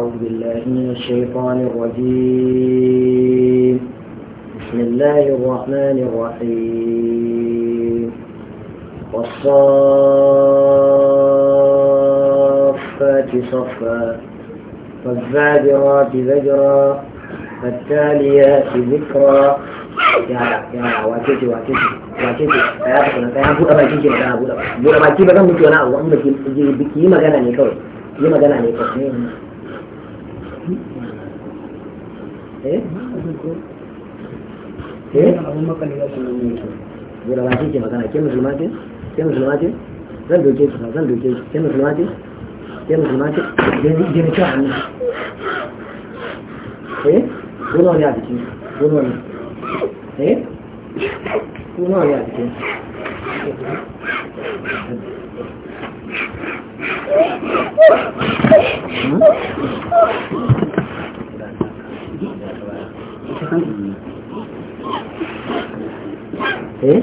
أعوذ بالله من الشيطان الرجيم بسم الله الرحمن الرحيم والصافات صفا والزاجرات زجرا فالتاليات ذكرا yara yara wace ce wace ce wace ce ya ta kuna ya buɗe baki ke magana buɗe baki buɗe baki ba zan mutu wani abu in baki yi magana ne kawai yi magana ne kawai gura ba shi ke magana ke musulma ce ke musulma ce zan doke ki zan doke ki ke musulma ce ke musulma ce da ni da ni ta hannu eh gura ne a cikin gura ne eh gura ne a cikin Hmm? eh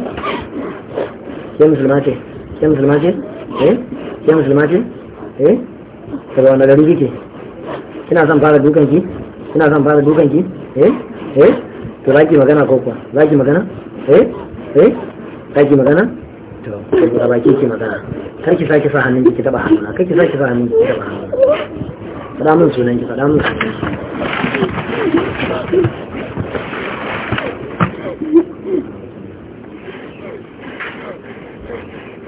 ke musulma ce ke musulma ce eh ke musulma ce eh daga wanda gari kike kina son fara ki kina son fara ki eh eh to zaki magana ko kuwa zaki magana eh eh zaki magana to ka ba ki magana kar ki saki sa hannun ki taba hannu kar ki saki sa hannun ki taba hannu faɗa min sunan ki faɗa min sunan ki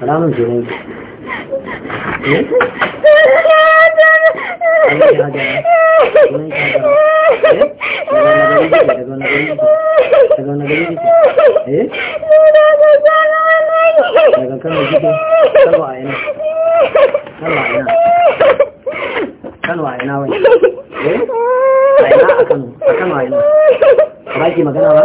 ramin ke nan daga kano kano a yana kano a yana kano a yana wani a yana a kano a kano a yana ba ki magana ba?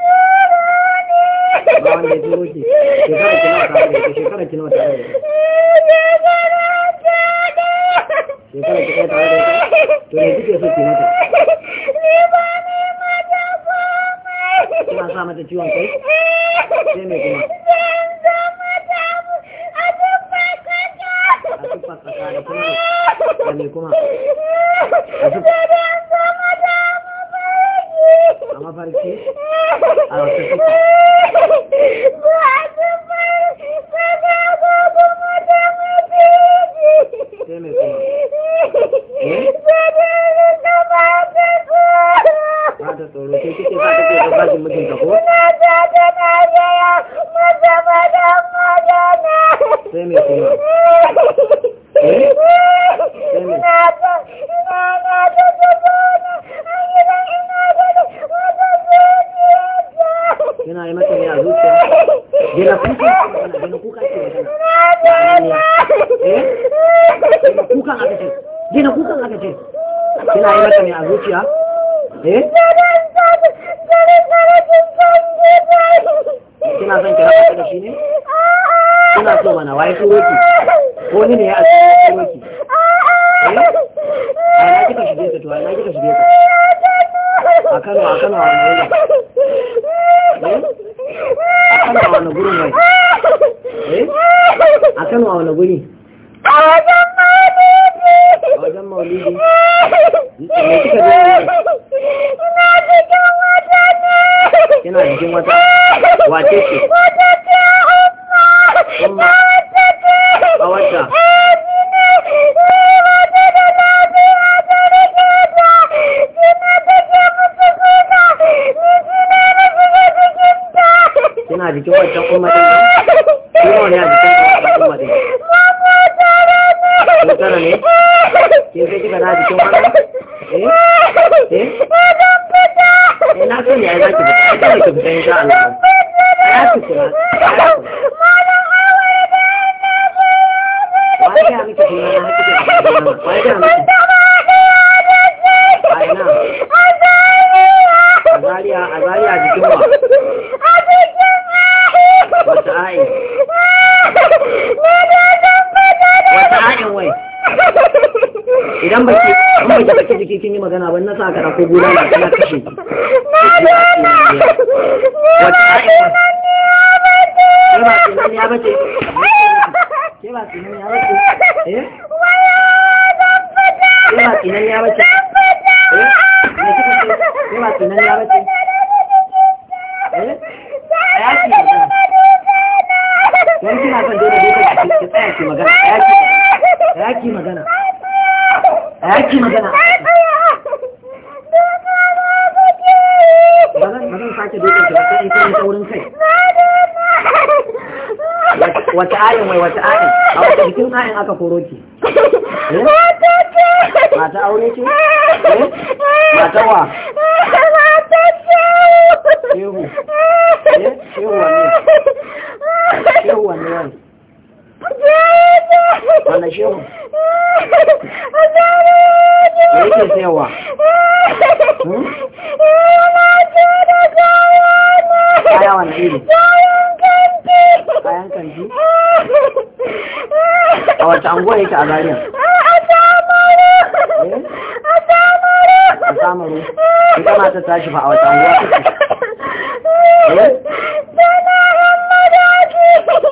ba wanda ya turo shi shekara kina tare da ita shekara kina tare da ita shekara kina tare da ita to ne kike so ki mata kina sa mata ciwon kai sai me kuma a tuffa kasa da kuma da mai kuma wani ne ya asiri eh? a na kika tuwa na kika a kano a kano wani wani eh? a kano wani eh? a kano wani guri akan aku gunakan anak itu. masih ini apa sih? masih ini apa sih?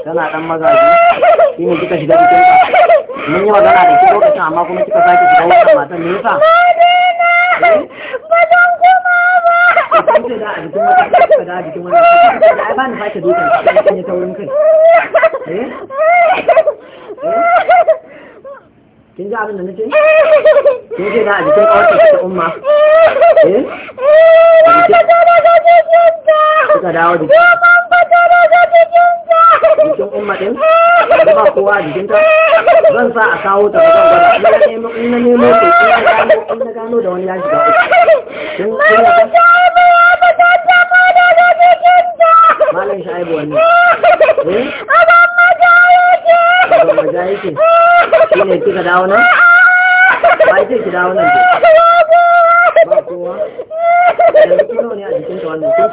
tana dan mazaje shi ne kika shiga cikin ka mun yi magana da ke lokacin amma kuma kika sake shiga wannan matan me yasa da a jikin da a jikin wani da ba ni da taurin kai eh? Eh? kin abin da nace kin ce da a jikin kawarta ta umma eh kuka dawo jikin jikin umma din da ba kowa a jikinta zan sa a kawo ta zan gwada nemo ko gano da wani ya shiga malam sha'ibu wani maja ne kika dawo ba yake ki dawo nan ba kowa yanzu kino ne a jikinta wannan kun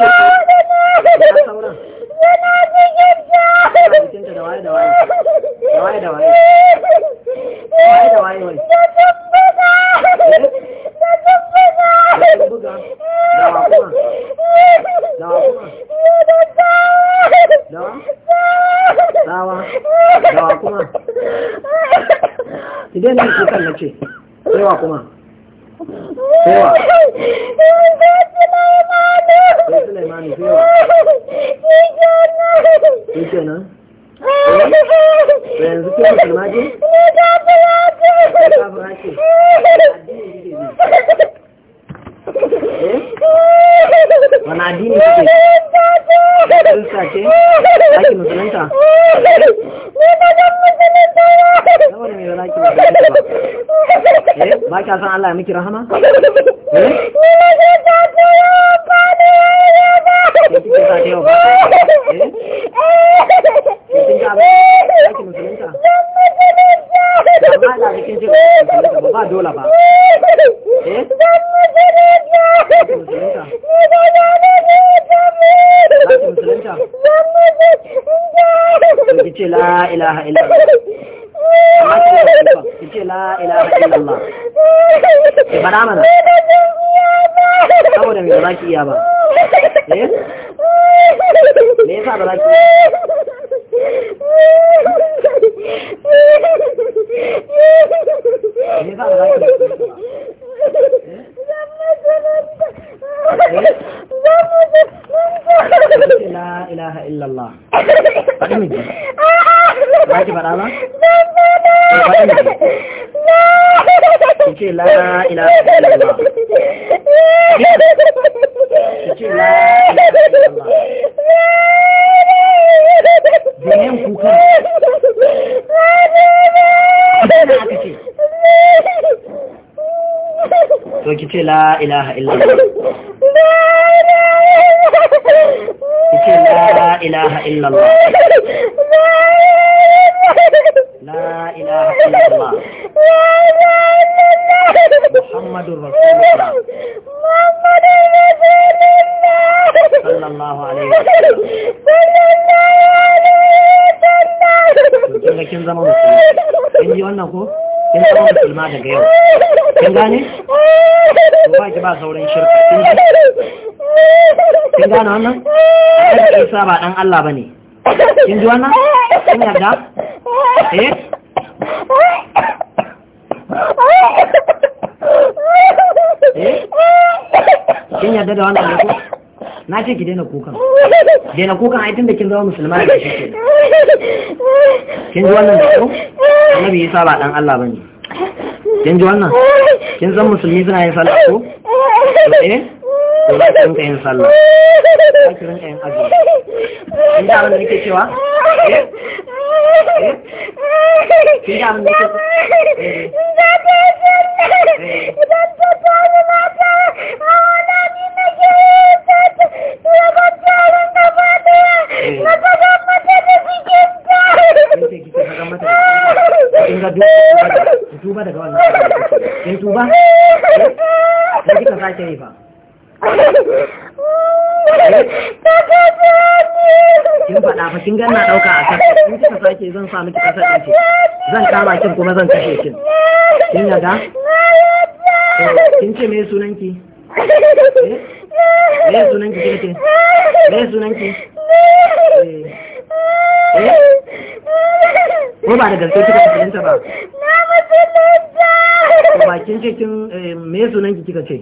da waye waye da waye wai Idan ne kukan na ce, yawa kuma, yawa. Sai Sulaimanu, yawa. Shi kenan. yanzu ke musulma ce? wani addini suke kirista ce ake musulunta ba kya san Allah ya miki rahama? ba musulunta ba da cikin ce musulunta ba ba dole ba eh musulunta musulunta ki ce la ilaha illallah ki ce la ilaha illallah ki fara mana saboda me ba za ki iya ba eh me yasa ba za ki iya la ilaha illallah ce la ilaha illallah ilaha illallah لا إله إلا الله محمد رسول الله محمد رسول sallallahu alaihi الله kin zama musulma kin wannan ko kin zama musulma daga yau kin gane ba ki ba sauran shirka kin gane wannan Isa ba ɗan Allah ba ne. Kin ji wannan? Kin yarda? Eh? eh? Kin yarda da wannan ne ko? Na ce ki daina kukan. Daina kukan ai da kin zama musulma da shi ke. Kin ji wannan da ko? Annabi Isa ba ɗan Allah ba ne. Kin ji wannan? Kin san musulmi suna yin sallah ko? Eh? to za ki rinka yin sallah za ki azumi kin da nake cewa eh kin da nake Kin tuba daga wannan. tuba? Kin tuba? Kin tuba? Kin kin ga na dauka a kan in kika sake zan sa miki kasa ɗin zan kama kin kuma zan kashe kin kin yaga eh, kin ce me sunanki eh, me sunanki kike me sunanki ki eh, ko ba da gaske kika tafi ba na ba kin ce kin me sunanki kika ce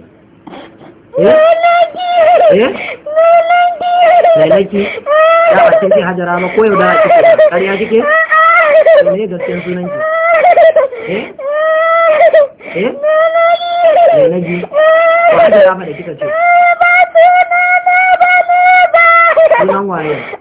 ko yau da kike ƙarya kike ne gaskiyar sunan ki eh eh da kika ce sunan waye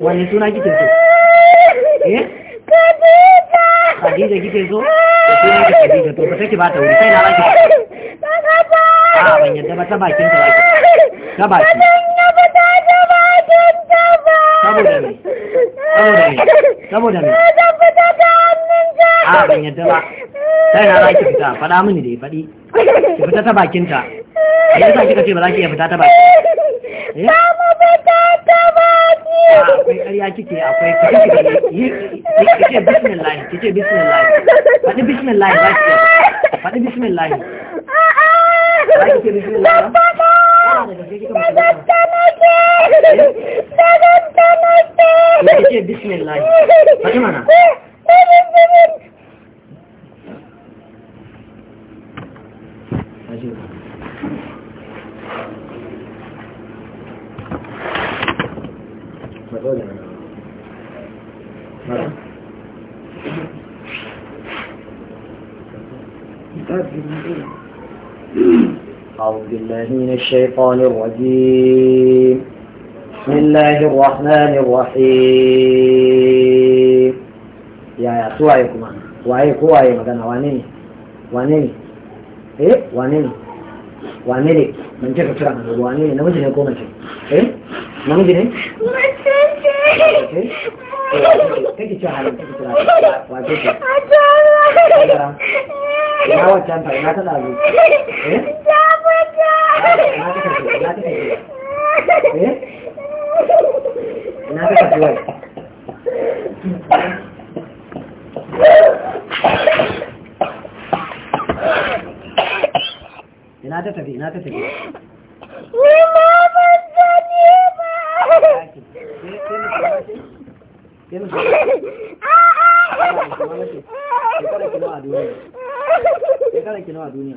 wani suna kike so Khadija kike so suna ki Khadija to ba take ba ta wuri sai na baki a ban yadda ba ta bakin ta baki ta baki saboda ne saboda ne saboda ne a ba yadda ba sai yana raki fita faɗa mini da ya faɗi ki fita ta bakinta a yi yasa kika ce ba za ki iya fita ta baki eh? mu fita ta baki ah, akwai ƙarya kike akwai kike kike kike bismillah kike bismillah faɗi bismillah za ki faɗi bismillah za ki ce bismillah الشيطان الرجيم بسم الله الرحمن الرحيم يا يا سوى يكما وعي قوى يمكن وانيني وانيني ايه وانيني وانيني من جهة ترى من جهة وانيني نمجن يكون مجهة ايه نمجن ايه Kiki cewa halin kiki cewa halin kiki cewa halin kiki cewa halin kiki cewa halin kiki cewa halin kiki cewa halin kiki cewa na ta tafi eh ina ta tafi wai ina ta tafi yi ina ta tafi Shekara kinawa a duniya. Shekara kinawa a duniya.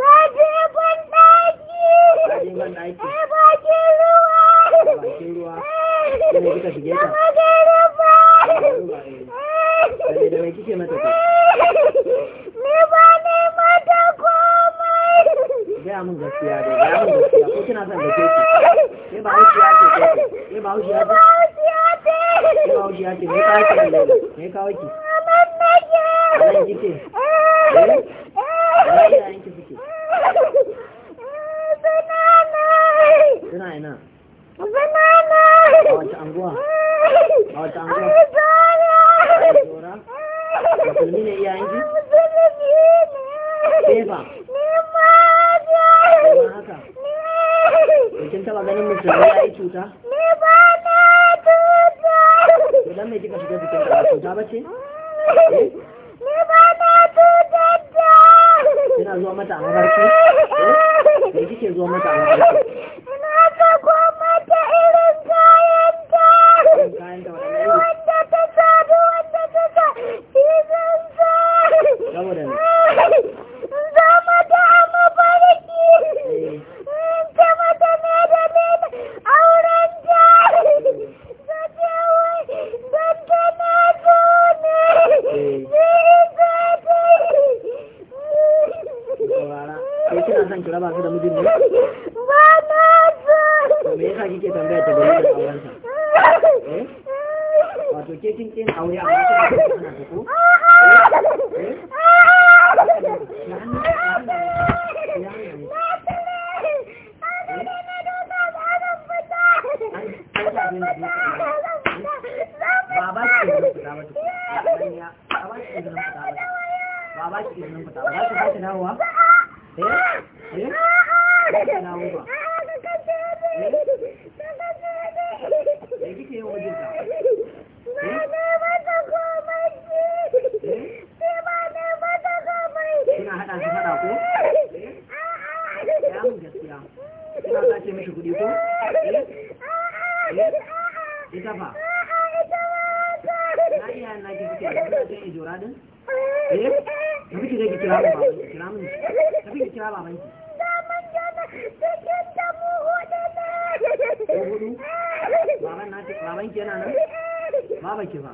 shiga jikin da cuta ba ce? Eh? Ni ba na da! Kina mata a mafarki? Eh? Me kike zuwa mata a mafarki? ko ya mun gaskiya ina za ce mishi kuɗi ko Eh ita eh? Eh, fa na iya na ke suke da kai jan ijora din eh ka fi kira ki kira mun baban ki kira mun ka fi ki kira baban ki Baban na ce, baban ki yana nan? ba ki ba.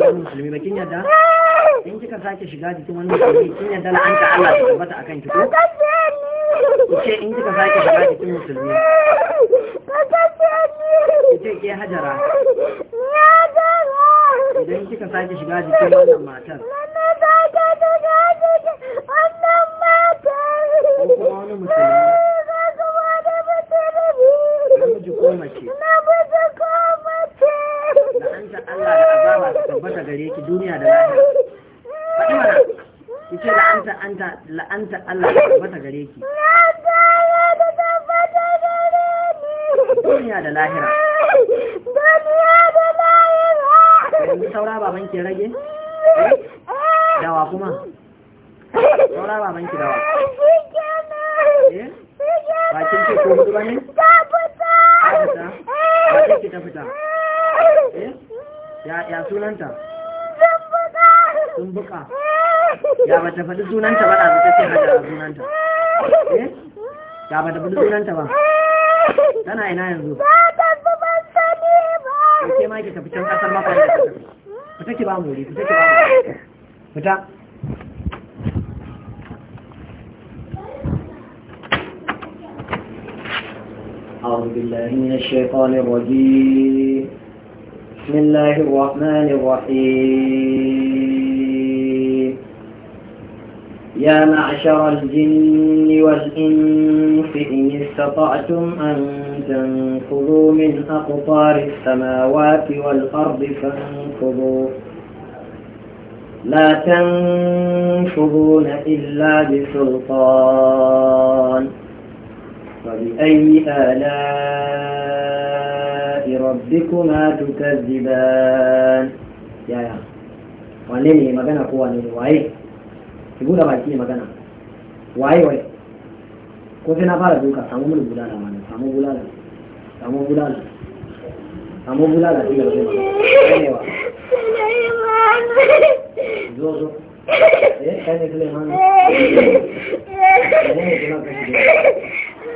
wani musulmi ba kin yadda in kika sake shiga jikin wani musulmi kin yadda Allah ta tabbata akan ki ko ce in kika sake shiga jikin musulmi ce ke hajara idan kika sake shiga jikin wannan matar ko kuma wani musulmi gare ki duniya da lahira faɗi mana ki ce la'anta Allah ta tabbata gare ki أعوذ بالله من الشيطان الرجيم بسم الله الرحمن الرحيم يا معشر الجن والإنس إن استطعتم أن تنفذوا من أقطار السماوات والأرض فانفذوا لا تنفذون إلا بسلطان فبأي آلاء ربكما تكذبان ki buɗe baki duka samu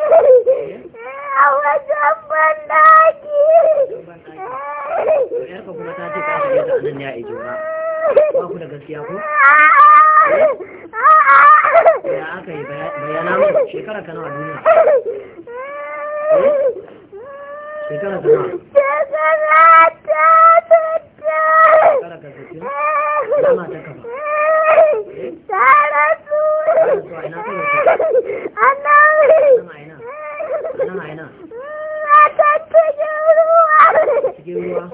a wajen banaki yarka ta ce kashi ya yi bayana eh? mai eh? ta ta ならないな。Sige, luha.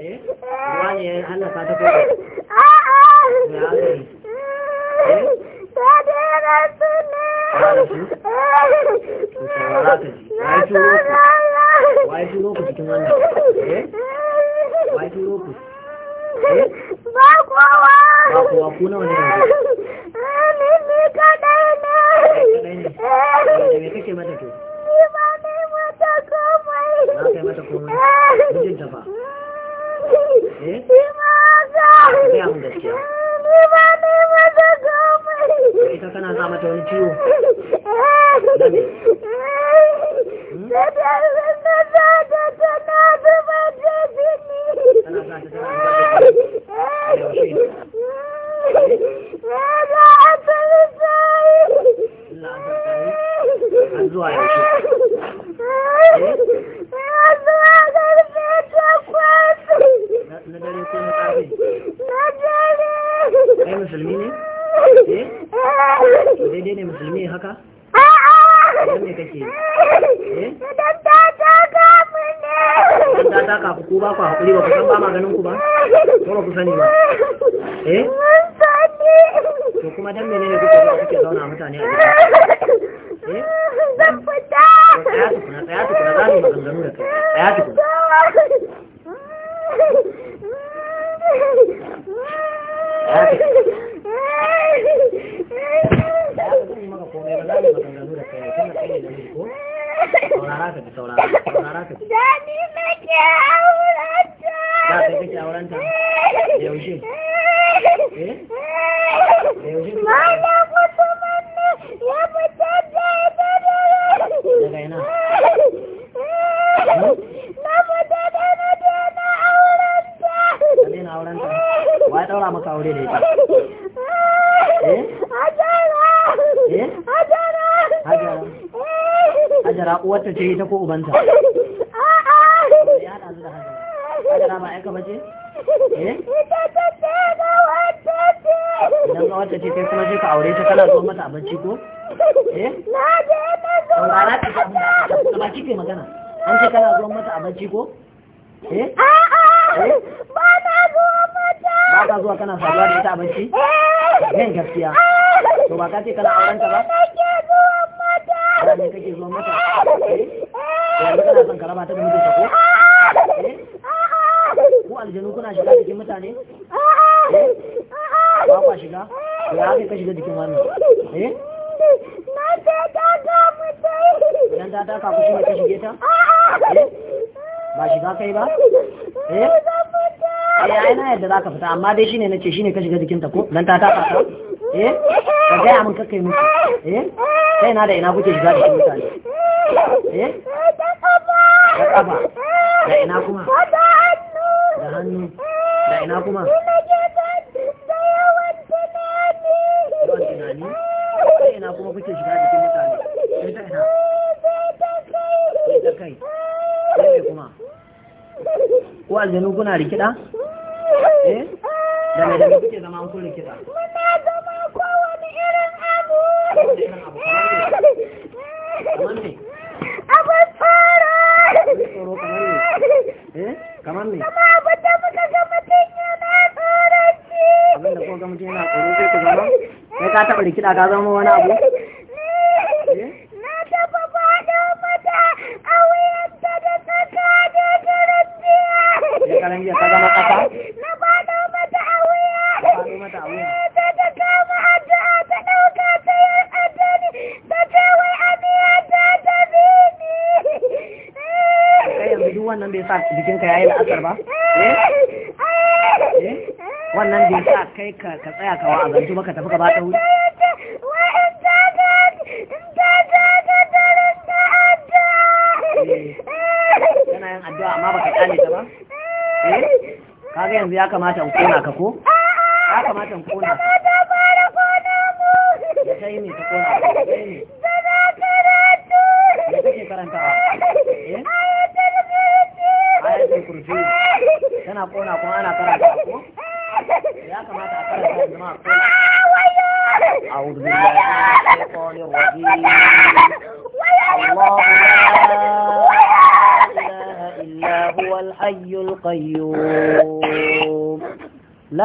Eh? Luha niya, ano, tatakot. ita kana za mata wani ciwo ɗaura maka aure da ita eh? Eh? hajara hajara hajara ta ko ubanta hajara ba aika bace eh? idan wata ce kai kuma ce ka aure ta kana zuwa mata abinci ko eh na je ta zuwa da ba magana an ce kana zo mata abinci ko kana faruwa da ita abinci yin gaskiya to ba ka ce kana auren ta ba mata ne kake zuwa mata eh? yanzu kana son karaba ta da mijinta ko eh? ko aljanu kuna shiga cikin mutane sa amma dai shine nace shine ka shiga jikinta ko dan ta tafa ka eh ka ga mun kakai muku eh kai na da ina kuke shiga jikin mutane eh da kafa da ina kuma da hannu da ina kuma yawan tunani da ina kuma kuke shiga jikin mutane sai ta ina sai ta kai sai kuma ko aljanu kuna rikida da mai da kuke zama an muna zama kowane irin abu abin tsoro tsoro kamar ne eh kamar ne kama abin ta muka ga mutum yana tsoron ci abin da ga mutum yana tsoro sai ku zama ka taɓa rikida ka zama wani abu jikinka ya yi la'asar ba eh? Eh? Eh? wannan da ya kai ka tsaya ka wa'azantu maka tafi ka ba ta wuri kana yin baka ta ba yanzu ya kamata kona ka ko ya kamata kona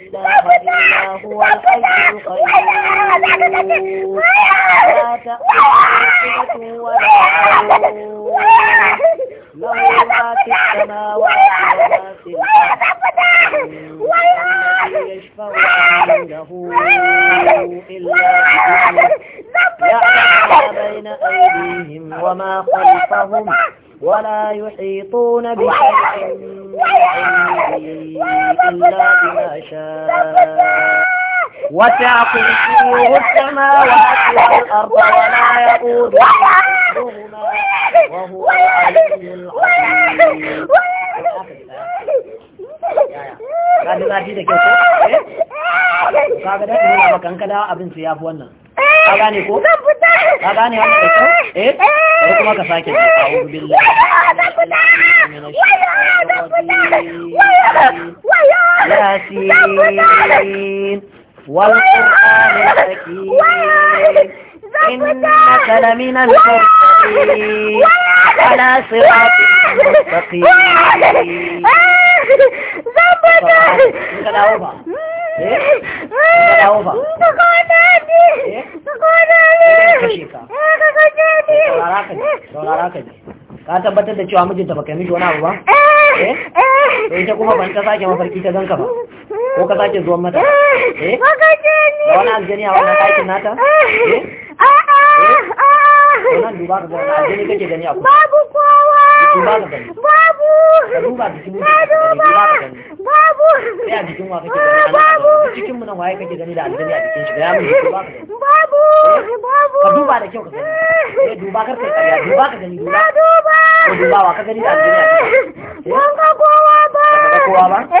إله إلا هو الحي القيوم ولا نوم له ما في السماوات وما في الأرض يشفع عنده إلا بإذنه يعلم ما بين أيديهم وما خلفهم ولا na بشيء إلا بما شاء وسع كرسيه السماوات والأرض ولا يقود وهو العلي العظيم ka ji zafi da kyau ko ka ga dai nuna maka an kada abin su yafi wannan ka gane ko ka gane wannan da kyau eh sai kuma ka sake ji a ubu billah yasin والقرآن الحكيم إنك لمن المرسلين على صراط مستقيم زبدة زبدة ka tabbatar da cewa mijinta baka mishi wani abu ba eh ita kuma ban ta sake mafarki ta ganka ba ko ka sake zuwan mata eh da wani aljani a wannan ɗakin nata eh babu kowa babu babu babu kake gani da aljani a jikin shi babu babu ka duba da kyau ka gani duba kar kai duba ka gani duba duba ka gani da aljani a jikin shi ban ga kowa ba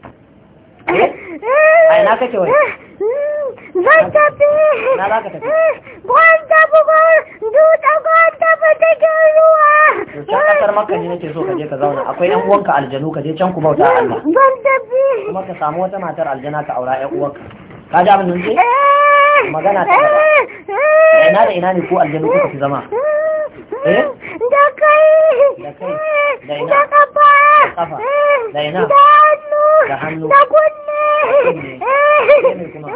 a ina kake wai zan tafi na za ka tafi gwanta buga duta gwanta ba ta ruwa can kasar maka ne nake so ka je ka zauna akwai yan uwanka aljanu ka je can ku bauta Allah zan tafi kuma ka samu wata matar aljana ka aura yan uwanka ka ji abin da nake magana ta da ina da ina ne ko aljanu kuka fi zama eh? da kai da kai da ina da kafa da ina da hannu da hannu da kunne da eh. kuma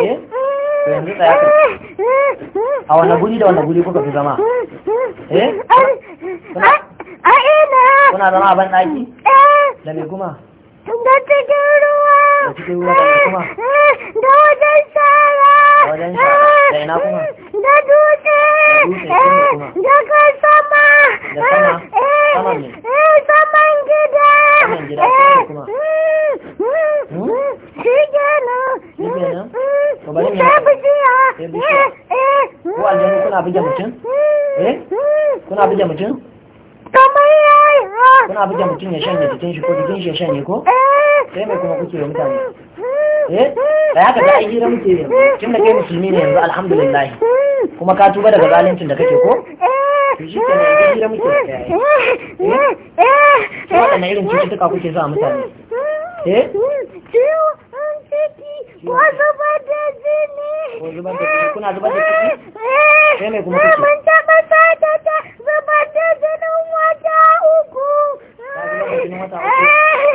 eh. a wane guri da wane guri kuka fi zama? eh? kuna zama a ban ɗaki? da mai kuma? da cikin ruwa eh, eh, da wajen shara da dutse da kan sama eh, saman gida hmm, hmm, hmm. shi kenan sai bishiya ko aljanu kuna buge mutum? eh kuna buge mutum? abu da mutum ya shanye jikin shi ko jikin shi ya shanye ko sai mai kuma kuke mutane eh da yaka za a yi hira muke yanzu tun da ke musulmi ne yanzu alhamdulillah kuma ka tuba daga zaluncin da kake ko zubar da jini ko zubar da kuna zubar da sai eh. mai kuma kuke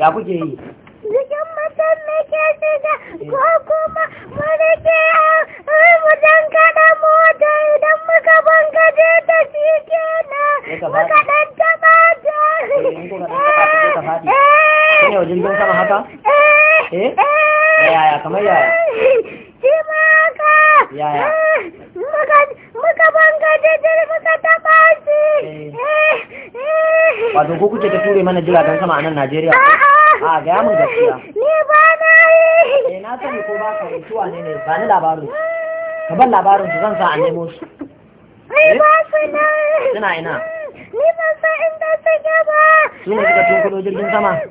ya kuke yi jikin mutum ne ke shiga ko kuma wani ke mutum kada mota idan muka bangaje ta shi ke nan muka dan taba ta eh, eh, ne wajen don sama haka? eh? eh? yaya kamar yaya? ya ya ya. muka banga daidai muka taba shi eh. wato ko kuke ta ture mana jiragen sama a nan najeriya a gaya mun gaskiya ni ba na yi eh, na sani ko ba ka yi tuwa ne ne ba ni labarin ka ban labarin su zan sa a nemo su ni ba eh? su na suna ina ni ban san inda take ba su ne suka tunkuɗo jirgin sama a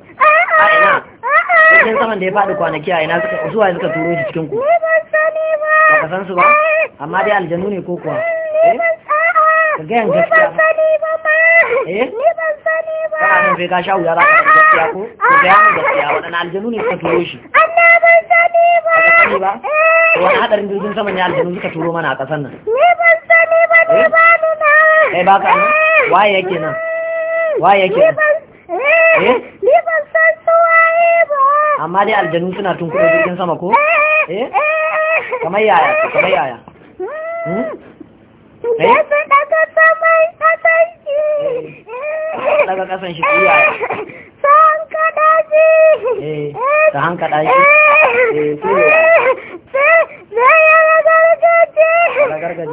ina jirgin sama da ya faɗi kwanaki a ina suka zuwa suka turo shi cikin ku ni ban sani ba ba ka san su ba eh. amma dai aljanu ne ko kuwa ni eh? ban sani ka gayan gaskiya ba sani ba ni ban sani ba eh? kana nan bai ga shawu ya zaka gaskiya ko ka ni gaskiya wadannan aljanu ne suka turo shi Allah ban sani ba ka sani ba eh. wani hadarin jirgin sama ne aljanu suka turo mana a ƙasar nan ni ban sani ba ni eh? ba ni na kai baka nan waye yake nan mm. waye yake eh ni ban san su waye ba amma dai aljanu suna tun jirgin sama ko eh kamar yaya kamar yaya mm. hmm? Eh? ya da daga saman kasan shi daga kasan shi iya san kada ta hankada shi mutanen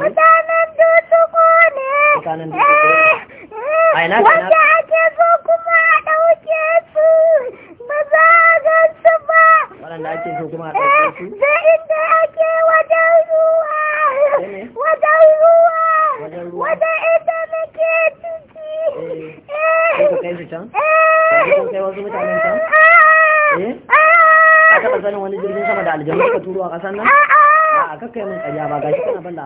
ne mutanen eh, eh, wanda ake so kuma a ɗauke su ba za a gansu waɗanda ake so kuma a ɗauke su eh, da inda ake wajen ruwa wajen ruwa wajen ruwa wajen inda ciki eh, eh ko kai su can eh, ko kai wasu can eh a taɓa sanin wani jirgin sama da aljanu a ƙasar nan a ba kana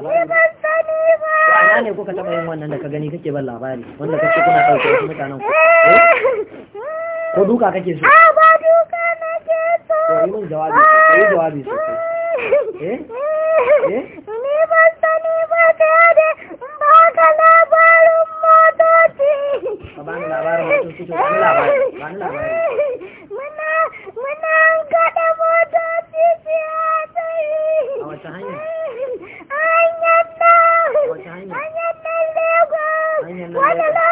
ana ne kuka taɓa yin wannan da ka gani kake ban labari wanda kake kuna ɗauke mutanen ku ko duka kake so ah, a duka na to yi mun jawabi sosai yi jawabi sosai eh eh ni ba sani ba ka da ba ka labarin motoci ba ni labarin motoci muna muna kada motoci ce a tsaye a wace hanyar hanyar lagos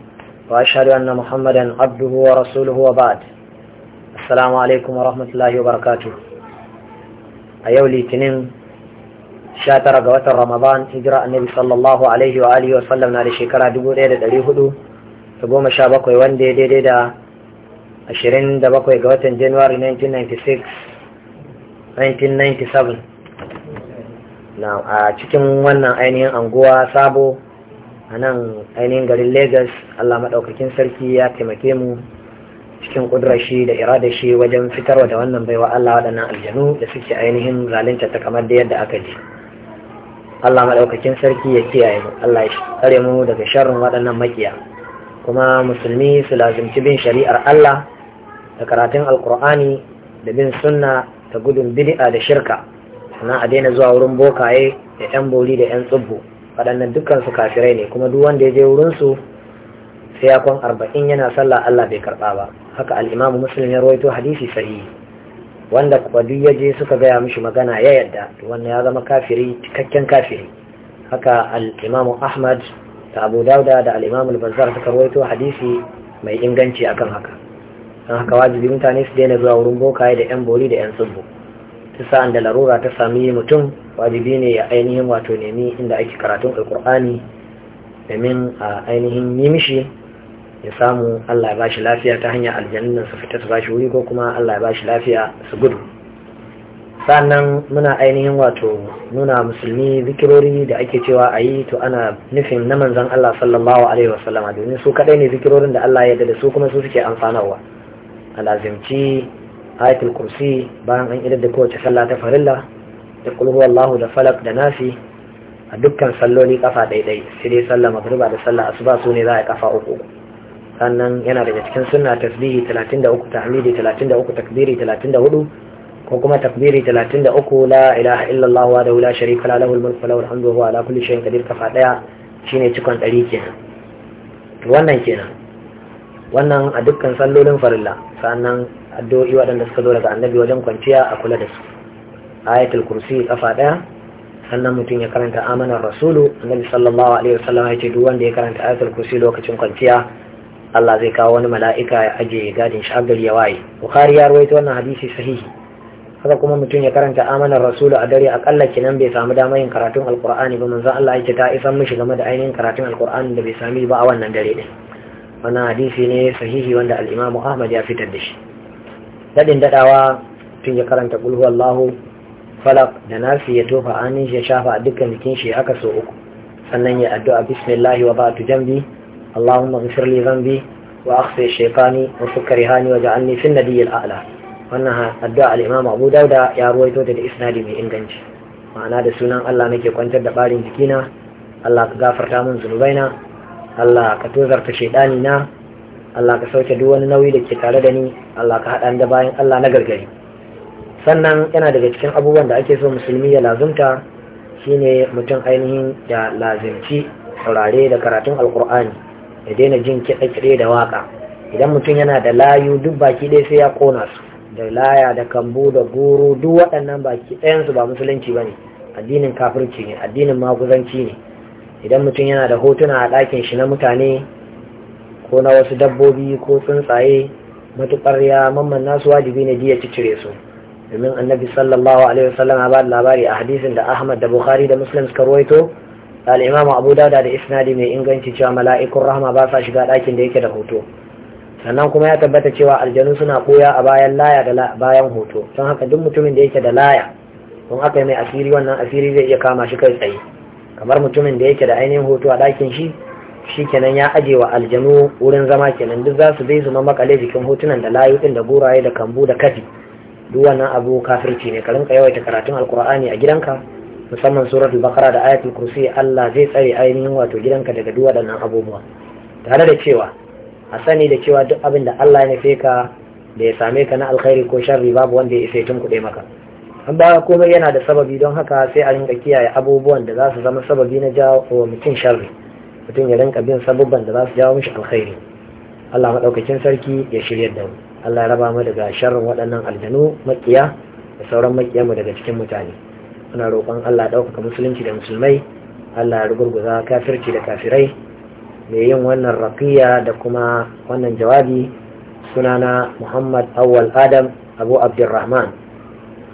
وأشهد أن محمدا عبده ورسوله وبعد السلام عليكم ورحمة الله وبركاته أيو لتنين شاتر قوات رمضان إجراء النبي صلى الله عليه وآله وسلم على شكرا دبو ريدة دليه دو تقوم شابكو يوان دي دي دي دا أشرين دبكو قوات جنواري 1996 1997 na a cikin wannan ainihin anguwa sabo a nan ainihin garin lagos allah maɗaukakin sarki ya taimake mu cikin ƙudrashi da irada shi wajen fitar da wannan baiwa allah waɗannan aljanu da suke ainihin zalunta ta kamar da yadda aka ji allah maɗaukakin sarki ya kiyaye mu allah ya tsare mu daga sharrin waɗannan makiya kuma musulmi su lazimci bin shari'ar allah da karatun alkur'ani da bin sunna ta gudun bid'a da shirka sannan a daina zuwa wurin bokaye da 'yan bori da 'yan tsubbo waɗannan dukkansu kafirai ne kuma duk wanda ya je wurinsu sai ya kwan arba'in yana sallah Allah bai karɓa ba haka al'imamu musulun ya rawaito hadisi sahihi wanda kuwa ya je suka gaya mishi magana ya yadda wannan ya zama kafiri cikakken kafiri haka al'imamu ahmad da abu dauda da al'imamu bazar suka rawaito hadisi mai inganci akan haka don haka wajibi mutane su daina zuwa wurin bokaye da yan bori da yan tsibbo sa'an da larura ta sami mutum wajibi ne ya ainihin wato nemi inda ake karatun alkur'ani domin a ainihin yi mishi ya samu Allah ya bashi lafiya ta hanyar aljannin su fita su ba shi wuri ko kuma Allah ya ba shi lafiya su gudu sannan muna ainihin wato nuna musulmi zikirori da ake cewa a yi to ana nufin na manzan Allah sallallahu alaihi sallama domin su kaɗai ne zikirorin da Allah ya da su kuma su suke amfanarwa a lazimci ayatul kursi bayan an idar da kowace sallah ta farilla da kulhu Allahu da falak da nafi a dukkan salloli kafa daidai sai dai sallah magriba da sallah asuba su ne za a kafa uku sannan yana daga cikin sunna tasbihi 33 tahmidi 33 takbiri 34 ko kuma takbiri 33 la ilaha illallah wa da la sharika la lahul mulku lahul hamdu wa ala kulli shay'in qadir kafa daya shine cikon dari kenan wannan kenan wannan a dukkan sallolin farilla sannan addu'o'i waɗanda suka zo daga annabi wajen kwanciya a kula da su ayatul kursi kafa ɗaya sannan mutum ya karanta amanar rasulu annabi sallallahu alaihi wasallam ya ce duk wanda ya karanta ayatul kursi lokacin kwanciya Allah zai kawo wani mala'ika ya aje gadin shi agari ya waye bukhari ya rawaito wannan hadisi sahihi haka kuma mutum ya karanta amanar rasulu a dare akalla kinan bai samu damar yin karatun alqur'ani ba manzo Allah yake ta isan mishi game da ainihin karatun alqur'ani da bai sami ba a wannan dare din wannan hadisi ne sahihi wanda al imamu Ahmad ya fitar da shi daɗin daɗawa tun ya karanta ƙulhu Allahu falak da nasi ya tofa anin ya shafa a dukkan jikin shi aka so uku sannan ya addu'a bismillahi wa ba'atu jambi Allahumma ghfir li dhanbi wa akhfi shaytani wa sukkari hani wa ja'alni fi nadiyyil a'la wannan addu'a al-Imam Abu Dawud ya ruwaito da isnadi mai inganci ma'ana da sunan Allah nake kwantar da barin jikina Allah ka gafarta min zunubaina Allah ka tozarta shaydani na Allah ka sauke duk wani nauyi da ke tare da ni Allah ka haɗa da bayan Allah na gargari sannan yana daga cikin abubuwan da ake so musulmi ya lazumta shine mutum ainihin ya lazimci saurare da karatun alkur'ani ya daina jin kiɗe-kiɗe da waka idan mutum yana da layu duk baki ɗaya sai ya kona su da laya da kambu da goro duk waɗannan baki ɗayansu ba musulunci ba ne addinin kafirci ne addinin maguzanci ne idan mutum yana da hotuna a ɗakin shi na mutane ko na wasu dabbobi ko tsuntsaye matuƙar ya mamman nasu wajibi ne diya cire su domin annabi sallallahu alaihi wasallam ya bada labari a hadisin da ahmad da bukhari da muslim suka ruwaito da Imam abu dauda da isnadi mai inganci cewa mala'ikun rahama ba sa shiga dakin da yake da hoto sannan kuma ya tabbata cewa aljanu suna koya a bayan laya da bayan hoto don haka duk mutumin da yake da laya don haka mai asiri wannan asiri zai iya kama shi kai tsaye kamar mutumin da yake da ainihin hoto a ɗakin shi shi kenan ya aje wa aljanu wurin zama kenan duk za su dai su makale jikin hotunan da layukin da goraye da kambu da kafi duk wannan abu kafirci ne ka rinka yawaita karatun alkur'ani a gidanka musamman suratul bakara da ayatul kursi Allah zai tsare ainihin wato gidanka daga duk waɗannan abubuwa tare da cewa a sani da cewa duk abin da Allah ya nufe ka da ya same ka na alkhairi ko sharri babu wanda ya isa ya kuɗe maka an ba komai yana da sababi don haka sai a rinka kiyaye abubuwan da za su zama sababi na jawo mutum sharri mutum ya rinka bin sabubban da za su jawo mishi alkhairi Allah maɗaukakin sarki ya shirya da mu Allah ya raba mu daga sharrin waɗannan aljanu makiya da sauran makiya mu daga cikin mutane muna roƙon Allah ya ɗaukaka musulunci da musulmai Allah ya rugurguza kafirci da kafirai mai yin wannan raqiya da kuma wannan jawabi sunana Muhammad Awwal Adam Abu Abdulrahman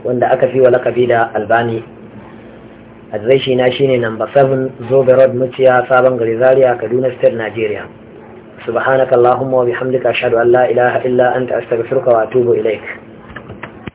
wanda aka fi wa lakabi da Albani adireshi na shine number 7 zobe road mutiya sabon gari zaria kaduna state nigeria subhanakallahumma wa bihamdika ashhadu an la ilaha illa anta astaghfiruka wa atubu ilaik